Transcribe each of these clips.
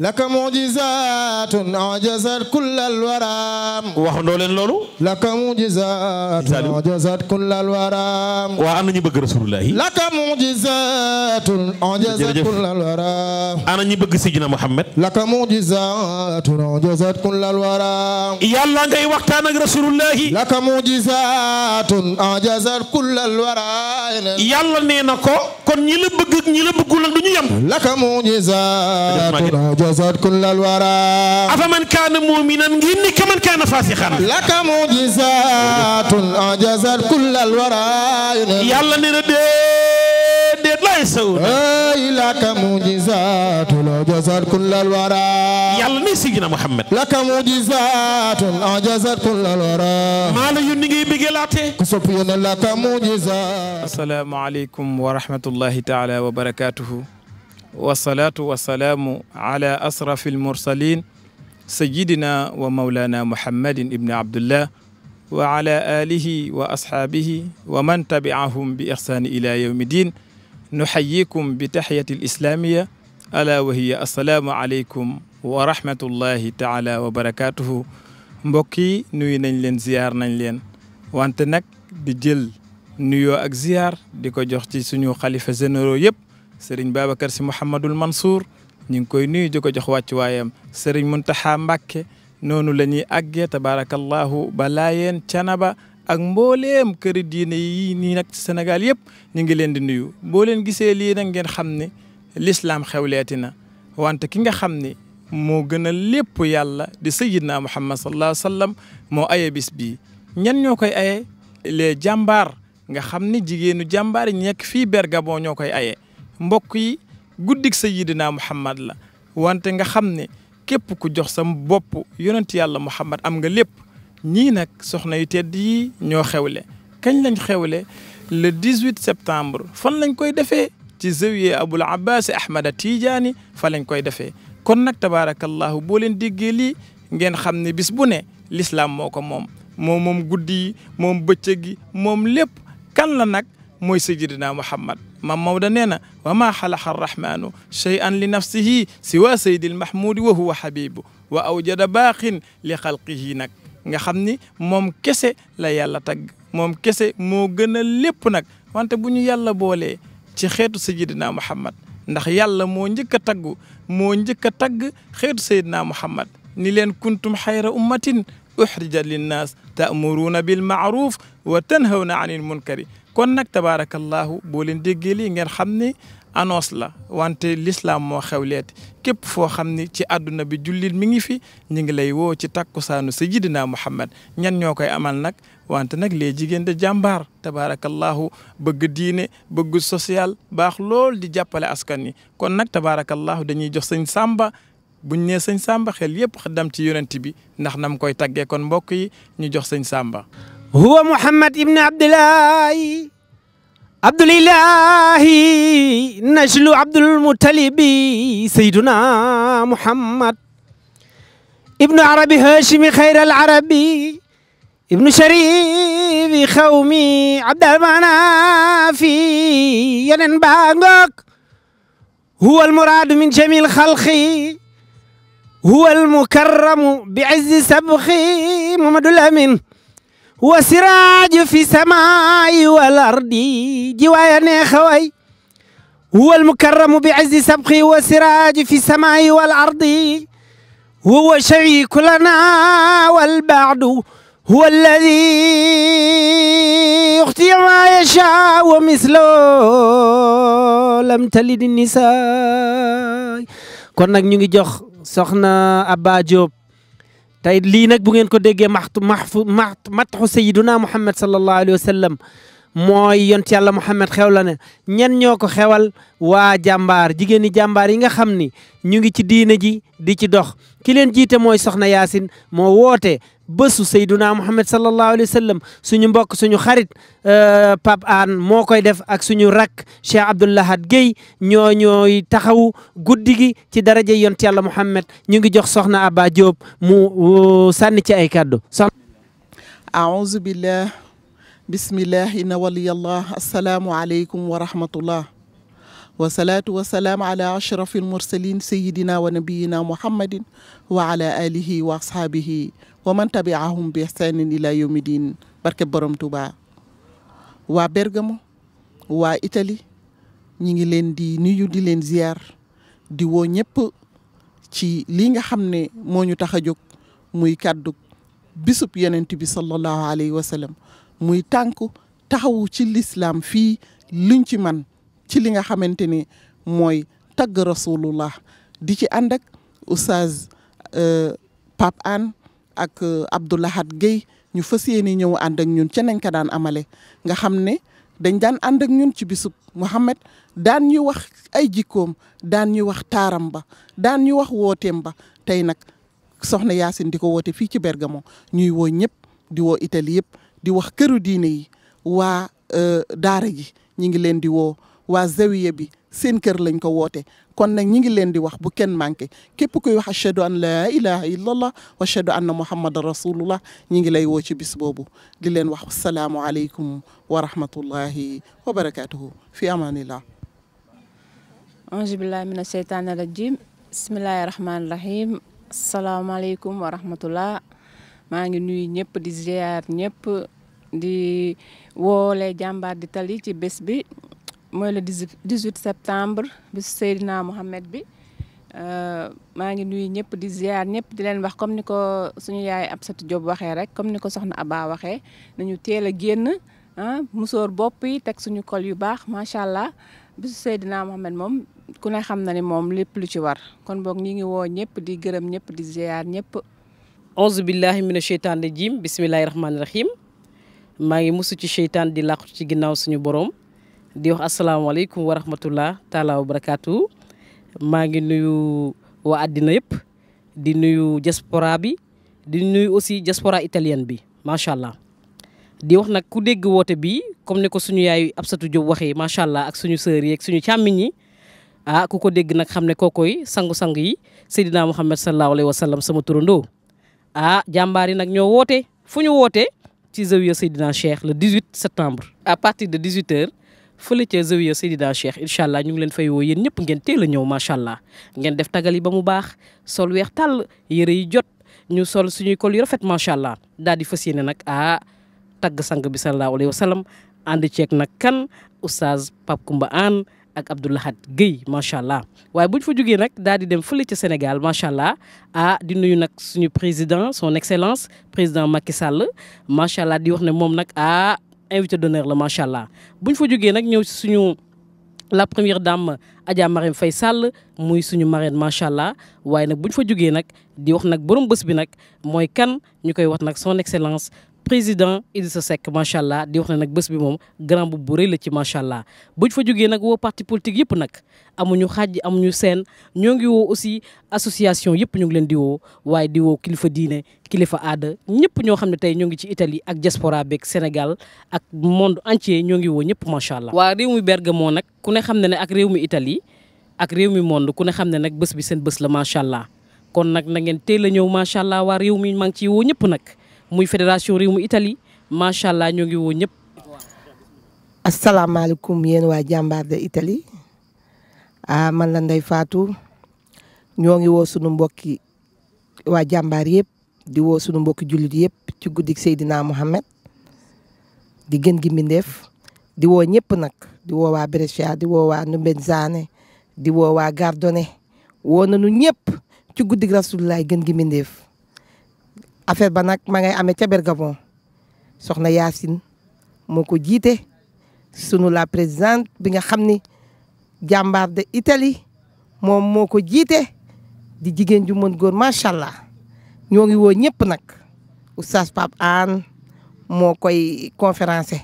laka mujizatun ajazat kullal waraam. waxandoo leen loolu. laka mujizatun ajazat kullal waraam. waa am na ñu bëgg rasulullahi. laka mujizatun ajazat kullal waraam. ana ñu bëgg Sidina Muhammad. laka mujizatun ajazat kullal waraam. yàlla ngay waxtaan ak rasulullahi. laka mujizatun ajazat kullal waraam. yàlla nee na ko. kon ñi la bëgg ñi la bëggul nag du ñu yem. laka mujizatun جزت كل الورى أفمن كان مؤمنا إني كمن كان فاسقا لك معجزات أعجزت كل الورى يلا نردي lay saw laka mujizatun ajazat kullal wara yàlla ni Sidina Muhammad laka mujizatun ajazat kullal wara maa la yónni ngay bégelaate ku sopp yónne laka mujizat asalaamaaleykum wa rahmatullahi taala wa barakaatuhu wasalaatu wasalaamu ala asrafi almursalin sayidina wa maulana muhammadin ibni abdullah wa ala alihi wa ashaabihi wa man tabi'ahum bi ihsaani ila yawmi din nuxayikum bi taxiyati alislaamiya ala wa hiya assalaamu aleykum wa rahmatullahi taala wa barakatuhu mbokk yi nuyu nañ leen ziyaar nañ leen wante nag di jël nuyoo ak ziyaar di ko jox ci suñu xalifa généraux yëpp sëriñ Babacar si Mouhamadul Mansour ñu ngi koy nuyu di ko jox wàccuwaayam sëriñ Muntaxa Mbàkke noonu la ñuy àggee tabaarakallahu ba Laayeen Canaba ak mbooleem këri diine yi nii nag senegal Sénégal yëpp ñu ngi leen di nuyu boo leen gisee lii nag ngeen xam ne lislaam xewleeti na wante ki nga xam ne moo gën a lépp yàlla di sayyidna Muhammad sallallahu alayhi wa sallam moo aye bis ñan ñoo koy aye les jàmbaar nga xam ne jigéenu jàmbaar yi fii Bergamo ñoo koy aye mbokk yi guddik sayyidina Muhammad la wante nga xam ne képp ku jox sam bopp yonent yàlla Muhammad am nga lépp ñii nag soxna yu tedd yi ñoo xewle kañ lañ xewle le 18 septembre fan lañ koy defee ci zawiya Abul Abbas Ahmada Tijaani fa lañ koy defee kon nag tabaarakallahu boo leen déggee lii ngeen xam ne bis bu ne l'islam moo ko moom moom moom guddi moom bëccëg gi moom lépp kan la nag mooy sayidina muhammad mam Maodo nee na wa maa xalaqa arrahmanu cheyan li nafsihi siwa sayidi almahmudi wa huwa habibu wa awjada baaqin li xalqihi nag nga xam ni moom kese la yàlla tagg moom kese moo gën a lépp nag wante bu ñu yàlla boolee ci xeetu sayidina muhammad ndax yàlla moo njëkk a taggu moo njëkk a tagg xeetu sayidina muhammad ni leen kuntum xayra ummatin uxrijat linnaas taamuruuna bilmaaruf wa tanhawna anil munkari kon nag tabaarakallaahu boo leen déggee lii ngeen xam ne annonce la wante lislaam moo xew leet képp foo xam ni ci àdduna bi jullit mi ngi fi ñu ngi lay woo ci takkusaanu sayyidina Muhammad ñan ñoo koy amal nag wante nag les jigéen de jàmbaar tabaarakallaahu bëgg diine bëgg social baax lool di jàppale askan wi kon nag tabaarakallaahu dañuy jox sëñ Samba buñ ne sëñ Samba xel yëpp dem ci yonent bi ndax nam koy taggee kon mbokk yi ñu jox sëñ Samba. huwa muhammad ibn abdullahi abdulilahi najlu abdulmutalibi sayduna muhammad ibnu arabi hashimi xayr alarabi ibnu sharifi xawmi abdalmanafi yeneen baa ngoog huwa almuraadu min jamil xalqi huwa almukarramu bi izzi sabqi muhamadul amin wa siraaju fi samaa'i wal ardi ji waaya neex a way huwa almukarramu bi izzi sabqi wa siraaju fi samaa'i wal ardi huwa shariiku lanaa wal ba'du huwa alladi yuxti ma yashaa wa mislo lam talid nisaa kon nag ñu ngi jox soxna Abba Diop tey lii nag bu ngeen ko déggee maxtu maxfu max matxu sayiduna muhammad sallallahu alayhi wa sallam mooy yont yàlla Muhammad xew la ñen ñoo ko xewal waa jàmbaar jigéeni jàmbaar yi nga xam ni ñu ngi ci diine ji di ci dox ki leen jiite mooy soxna yaasin moo woote bësu sayduna Muhammad sallallahu alayhi wa sallam suñu mbokk suñu xarit euh, Pape An moo koy def ak suñu rakk Cheikh Abdoul Ahad Guèye ñoo ñooy taxawu guddi gi ci daraja yont yàlla Muhammad ñu ngi jox soxna Abba Diop mu euh, sànni ci ay kàddu bismillahi na waliyallah asalaamu aleykum wa rahmatullah wasalaatu wasalaam ala ashrafi almursalin sayidina wa nabiyina muhammadin wa ala alihi wa ashaabihi wa man tabiahum bi ihsanin ila yawmi din barke borom Tuuba waa Bergamo waa Italie ñi ngi leen di niyu di leen ziyaar di woo ñëpp ci lii nga xam ne moo tax a jóg muy kàddu bisub yonent bi sallallahu alayhi wa muy tànku taxawu ci lislaam fii luñ ci man ci li nga xamante ni mooy tagg rasulullah di ci ànd ak oustaz euh, Pape Anne ak euh, Abdoulahat Guèye ñu fas yéene ñëw ànd ak ñun ca nañ ko daan amale nga xam ne dañ daan ànd ak ñun ci bisub Mouhamed daan ñu wax ay jikkoom daan ñu wax taaram ba daan ñu wax wooteem ba tey nag soxna Yaasin di ko woote fii ci Bergamo ñuy woo ñëpp di woo Italie yëpp di wax këru diine yi waa euh, daara ji ñi ngi leen di woo waa zawiya bi seen kër lañ ko woote kon nag ñi ngi leen di wax bu kenn manqué képp kuy wax ashhadu an laa ilaha illallah wa ashhadu anna muhammadan rasulullah ñi ngi lay woo ci bis boobu di leen wax asalaamu aleykum wa rahmatullahi wa barakatuhu fi amanillah angibillahi mina sheytaani rajim bismillahi rahmaani rahim asalaamaaleykum maa ngi nuyu ñëpp di ziar ñëpp di woole jàmbaar di tali ci bés bi mooy le 18 septembre bisu Seydina Mohamed bi euh, maa ngi nuyu ñëpp di ziar ñëpp di leen wax comme ni ko suñu yaay Absatou Diop waxee rek comme ni ko soxna Aba waxee nañu teel a génn ah musóor bopp yi teg suñu kol yu baax macha allah bisu Seydina Mohamed moom ku ne xam na ni moom lépp lu ci war kon boog ñi ngi woo ñëpp di gërëm ñëpp di ziar ñëpp. auzu billahi mina cheytaan rajim bisimilahi rahmaani rahim maa ngi musu ci cheytaan di làqu ci ginnaaw suñu borom di wax asalaamaaleykum wa rahmatullah taalaa wa barakaatu maa ngi nuyu wa àddina yëpp di nuyu diaspora bi di nuyu aussi jaspora italienne bi macha allah. di wax nag ku dégg woote bi comme ne ko suñu yaayu Absatou Diop waxee macha allah ak suñu sœur yi ak suñu càmmiñ yi ah ku ko dégg nag xam ne kookoy sangu-sangu yi Seydina Muhammad sallallahu alayhi wa sallam sama turandoo. ah jàmbaar yi nag ñoo woote fu ñu wootee ci zawiya Seydina Cheikh le 18 septembre à partir de 18h fële ca zawiya Seydina Cheikh incha allah ñu ngi leen fay woo yéen ñëpp ngeen teel a ñëw ngeen def tagal ba mu baax sol weex tàll yëre yi jot ñu sol suñuy kol yu rafet macha allah daal di fa yéene nag ah tagg sang bi sallallahu alayhi wa sallam ànd nag kan oustaz Pape Koumba Anne ak Abdou Lahad Guèye macha allah waaye bu ñu fa jógee nag daal di dem fële ca Sénégal macha allah ah di nuyu nag suñu président son excellence président Macky Sall macha allah di wax ne moom nag a ah, invité d'honneur la macha allah bu ñu fa jógee nag ñëw si suñu la première dame Adja Marème Faye Sall muy suñu marraine macha allah waaye nag bu ñu fa jógee nag di wax nag borom bés bi nag mooy kan ñu koy wax nag son excellence. président Idrissa Seck macha allah di wax ne nag bés bi moom grand bu bu rëy la ci macha allah buñ fa jógee nag woo parti politique yëpp nag amuñu xaaj ñu seen ñoo ngi woo aussi association yëpp ñu ngi leen di woo waaye di kilifa diine kilifa aada ñëpp ñoo xam ne tey ñoo ngi ci Italie ak diaspora beeg Sénégal ak monde entier ñoo ngi woo ñëpp macha allah. waa réew mi Bergamo nag ku ne xam ne ne ak réew mi Italie ak réew mi monde ku ne xam ne nag bés bi seen bës la macha allah kon nag na ngeen teel ñëw macha allah waa réew mi maa ngi ciy woo ñëpp nag. muy fédération réew mu itali macha allah ñoo ngi woo ñëpp. asalaamaaleykum yéen waa jàmbaar de Italie ah man la ñoo ngi woo sunu mbokki waa jàmbaar yëpp di woo sunu mbokki jullit yëpp ci guddik Seydina Mohamed di gën gi mbindeef di woo ñëpp nag di woo waa Brescia di woo waa Numbenzaane di woo waa Gardone woo nañu ñëpp ci guddik Rasulullah gën gi mbindeef affaire ba nag ma ngay amee ca Bergamo soxna Yacine moo ko jiite sunu la président bi nga xam ni jàmbaar de Italie moom moo ko jiite di jigéen ju mën góor macha allah ñoo ngi woo ñëpp nag oustaz Pape Anne moo koy conférencier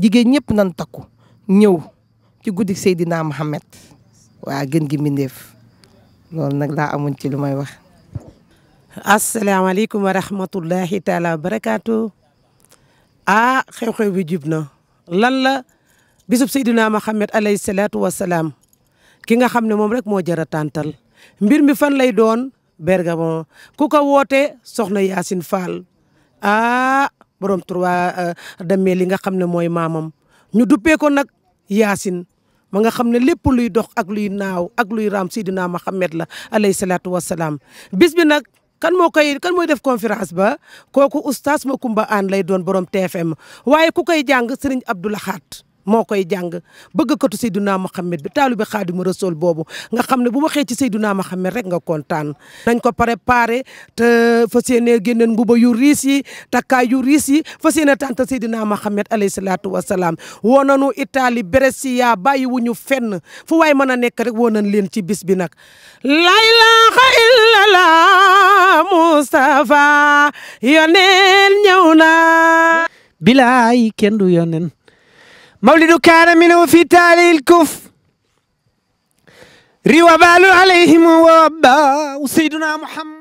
jigéen ñëpp nan takku ñëw ci guddi Seydina Mohamed waa gën gi mbindeef loolu nag laa amuñ ci lu may wax. asalaamaaleykum wa rahmatullahi taala wa barakaatu ah xew-xew bi na lan la bisub Seydina Mohamed alayhi salaatu wa salaam ki nga xam ne moom rek moo jar a tàntal mbir mi fan lay doon Bergamo ku ko woote soxna Yacine Fall ah borom trois euh, dammee li nga xam ne mooy maamam ñu duppee ko nag Yacine ma nga xam ne lépp luy dox ak luy naaw ak luy raam Seydina Mohamed la alay salaatu wa salaam bis bi nag. kan moo koy kan mooy def conférence ba kooku oustaz Macoumba Anne lay doon borom TFM waaye ku koy jàng Serigne Abdou Lahat moo koy jàng bëggkatu Seydina Mohamed bi taalibe Xaadimu sol boobu nga xam ne bu waxee ci Seydina Mohamed rek nga kontaan. nañ ko préparé te fas yéene génneen mbuba yu riis yi takkaay yu riis fas yéene tànta Seydina Mohamed alayhi salaatu wa woo nañu Italie Brescia bàyyi wu ñu fenn fu waay mën a nekk rek woo nañ leen ci bis bi nag. la ilaha illallah Mustafa ñëw na. bilaay kenn du yoneen مولد كان منه في تالي الكف ري وبال عليهم وابا وسيدنا محمد